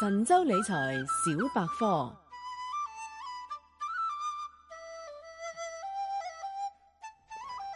神州理財小百科，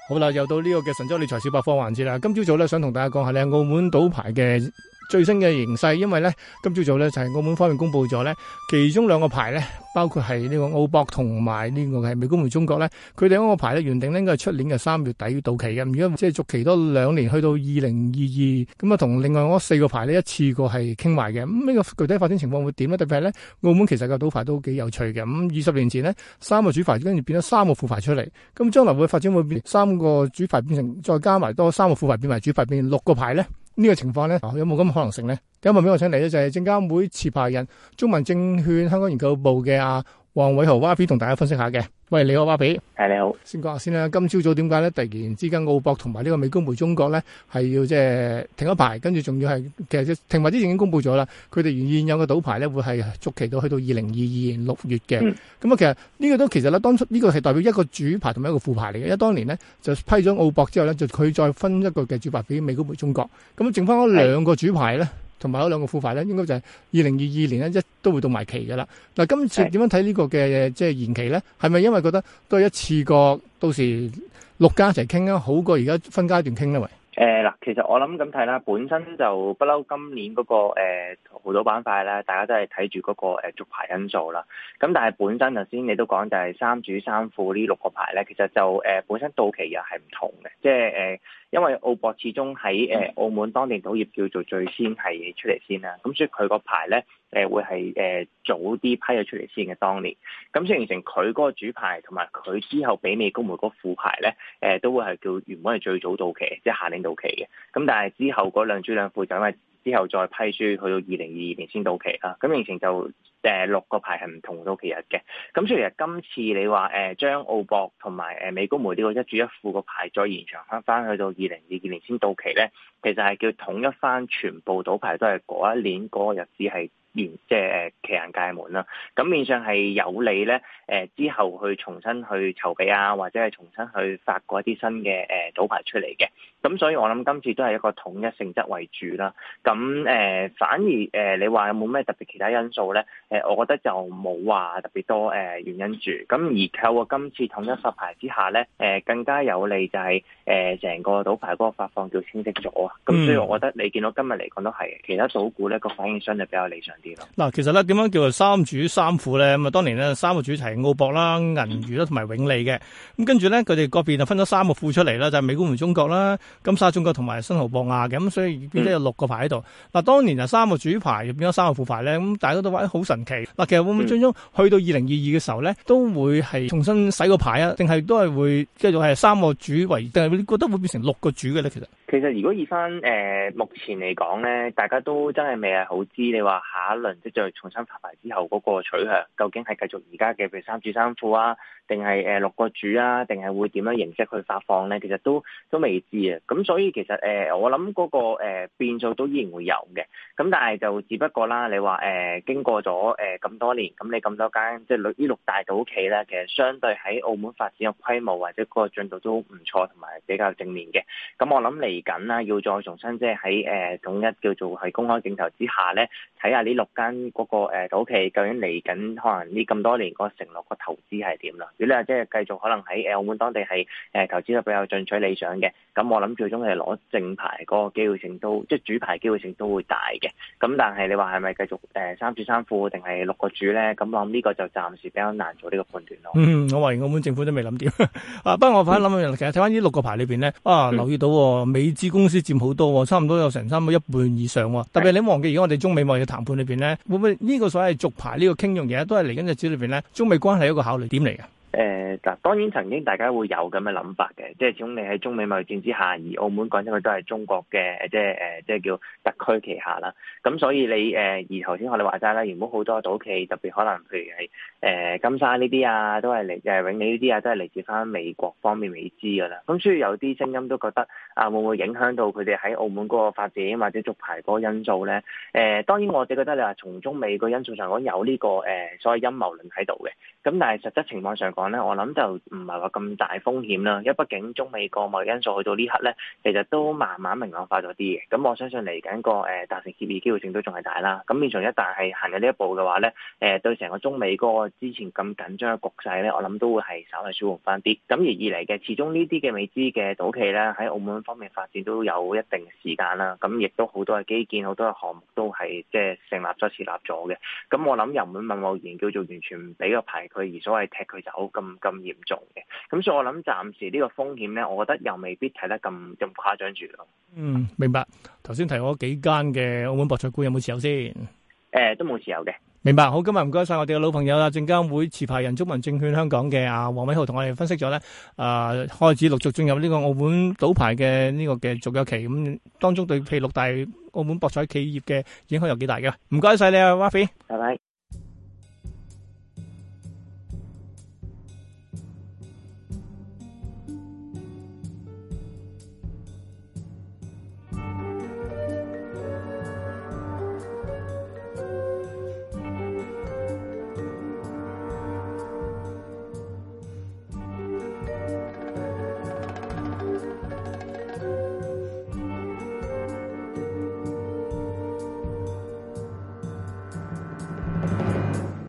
好啦，又到呢個嘅神州理財小百科環節啦。今朝早咧，想同大家講下咧，澳門賭牌嘅。最新嘅形勢，因為咧今朝早咧就係、係、澳門方面公佈咗咧，其中兩個牌咧，包括係呢個澳博同埋呢個係美高梅中國咧，佢哋兩個牌咧原定咧應該係出年嘅三月底到期嘅，如、嗯、果即係續期多兩年，去到二零二二咁啊，同另外嗰四個牌咧一次過、嗯這個係傾埋嘅，咁呢個具體發展情況會點咧？特別係咧，澳門其實嘅賭牌都幾有趣嘅。咁二十年前呢，三個主牌，跟住變咗三個副牌出嚟，咁、嗯、將來嘅發展會變成三個主牌變成再加埋多三個副牌變為主牌，變成六個牌咧。呢、這個情況咧，有冇咁可能性咧？第一個我請嚟咧就係證監會持牌人中民證券香港研究部嘅阿。黃偉豪蛙皮同大家分析下嘅。喂，你好蛙皮，誒、啊，你好，先講下先啦。今朝早點解咧，突然之間澳博同埋呢個美高梅中國咧係要即係停咗牌，跟住仲要係其實停牌之前已經公布咗啦。佢哋現有嘅賭牌咧會係續期到去到二零二二年六月嘅。咁、嗯、啊，其實呢個都其實咧，當初呢個係代表一個主牌同埋一個副牌嚟嘅。因為當年咧就批咗澳博之後咧，就佢再分一個嘅主牌俾美高梅中國，咁啊剩翻嗰兩個主牌咧。同埋嗰兩個副牌咧，應該就係二零二二年咧，一都會到埋期㗎啦。嗱，今次點樣睇呢個嘅即係延期咧？係咪因為覺得都係一次過？到時六家一齊傾啊，好過而家分階段傾啦，喂。誒、呃、嗱，其實我諗咁睇啦，本身就不嬲今年嗰、那個誒好多板塊啦，大家都係睇住嗰個誒、呃、續牌因素啦。咁但係本身頭先你都講就係三主三副呢六個牌咧，其實就誒、呃、本身到期又係唔同嘅，即係誒、呃、因為澳博始終喺誒、呃、澳門當年賭業叫做最先係出嚟先啦，咁所以佢個牌咧誒、呃、會係誒、呃、早啲批咗出嚟先嘅當年，咁先形成佢嗰個主牌同埋佢之後俾美高梅嗰副牌咧誒、呃、都會係叫原本係最早到期即係下年。到期嘅，咁但係之後嗰兩主兩副就因為之後再批注去到二零二二年先到期啦，咁形成就誒六個牌係唔同到期日嘅，咁所以其實今次你話誒將澳博同埋誒美高梅呢個一主一副個牌再延長翻翻去到二零二二年先到期咧，其實係叫統一翻全部賭牌都係嗰一年嗰個日子係。連即係奇人界門啦，咁面上係有利咧，誒、呃、之後去重新去籌備啊，或者係重新去發過一啲新嘅誒賭牌出嚟嘅，咁所以我諗今次都係一個統一性質為主啦，咁誒、呃、反而誒、呃、你話有冇咩特別其他因素咧？誒、呃、我覺得就冇話特別多誒原因住，咁而靠我今次統一發牌之下咧，誒、呃、更加有利就係誒成個賭牌嗰個發放叫清晰咗，咁所以我覺得你見到今日嚟講都係其他賭股咧個反應相對比較理想。嗱，其實咧點樣叫做三主三副咧？咁啊，當年咧三個主係澳博啦、銀娛啦同埋永利嘅。咁跟住咧，佢哋嗰邊就分咗三個副出嚟啦，就係、是、美高梅、中國啦、金沙中國同埋新濠博亞嘅。咁所以變咗有六個牌喺度。嗱、嗯，當年三個主牌，又變咗三個副牌咧。咁大家都話好神奇。嗱、嗯，其實會唔會最終去到二零二二嘅時候咧，都會係重新洗個牌啊？定係都係會繼續係三個主為？定係你覺得會變成六個主嘅咧？其實？其實如果以翻、呃、目前嚟講咧，大家都真係未係好知你話下一輪即係重新發牌之後嗰、嗰個取向究竟係繼續而家嘅譬如三主三副啊，定係、呃、六個主啊，定係會點樣形式去發放咧？其實都都未知啊。咁所以其實、呃、我諗嗰、嗰個、呃、變數都依然會有嘅。咁但係就只不過啦，你話誒、呃、經過咗咁、呃、多年，咁你咁多間即係呢六大賭企咧，其實相對喺澳門發展嘅規模或者嗰個進度都唔錯同埋比較正面嘅。咁我諗嚟緊啦，要再重新即係喺誒統一叫做喺公開競投之下咧，睇下呢六間嗰、那個誒賭企究竟嚟緊可能呢咁多年嗰個承諾個投資係點啦。如果你話即係繼續可能喺澳門當地係誒、呃、投資得比較進取理想嘅，咁我諗最終係攞正牌個機會性都即係主牌機會性都會大嘅。咁但係你話係咪繼續誒三主三副定係六個主咧？咁我諗呢個就暫時比較難做呢個判斷咯。嗯，我話完澳門政府都未諗掂啊！不過我反而諗其實睇翻呢六個牌裏邊咧，啊、嗯、留意到美。資公司佔好多喎，差唔多有成三倍一半以上喎，特別你忘記，而家我哋中美貿易談判裏邊咧，會唔會呢個所謂續牌呢個傾向，其實都係嚟緊日子裏邊咧，中美關係一個考慮點嚟嘅。誒、呃、嗱，當然曾經大家會有咁嘅諗法嘅，即係始終你喺中美貿易戰之下，而澳門講真佢都係中國嘅，即係誒，即係叫特區旗下啦。咁所以你誒、呃，而頭先我哋話齋啦，原本好多賭企，特別可能譬如係誒、呃、金沙呢啲啊，都係嚟誒永利呢啲啊，都係嚟自翻美國方面未知㗎啦。咁所以有啲聲音都覺得啊，會唔會影響到佢哋喺澳門嗰個發展或者續牌嗰個因素咧？誒、呃，當然我哋覺得你話從中美個因素上講有呢、這個誒、呃，所謂陰謀論喺度嘅。咁但係實質情況上講，我諗就唔係話咁大風險啦，因為畢竟中美國貿因素去到呢刻呢，其實都慢慢明朗化咗啲嘅。咁我相信嚟緊個誒達成協議機會性都仲係大啦。咁變成一旦係行緊呢一步嘅話呢，誒對成個中美嗰個之前咁緊張嘅局勢呢，我諗都會係稍微舒緩翻啲。咁而二嚟嘅，始終美資呢啲嘅未知嘅賭企呢，喺澳門方面發展都有一定時間啦。咁亦都好多嘅基建、好多嘅項目都係即係成立咗、設立咗嘅。咁我諗又唔會貿貿然叫做完全唔俾個牌佢，而所謂踢佢走。咁咁嚴重嘅，咁所以我諗暫時呢個風險咧，我覺得又未必睇得咁咁誇張住咯。嗯，明白。頭先提過幾間嘅澳門博彩股有冇持有先？誒、呃，都冇持有嘅。明白。好，今日唔該晒我哋嘅老朋友啦，證監會持牌人中民證券香港嘅啊黃偉豪同我哋分析咗咧。誒、呃，開始陸續進入呢個澳門賭牌嘅呢個嘅續約期，咁、嗯、當中對譬如六大澳門博彩企業嘅影響有幾大嘅？唔該晒你啊，Wafi。拜拜。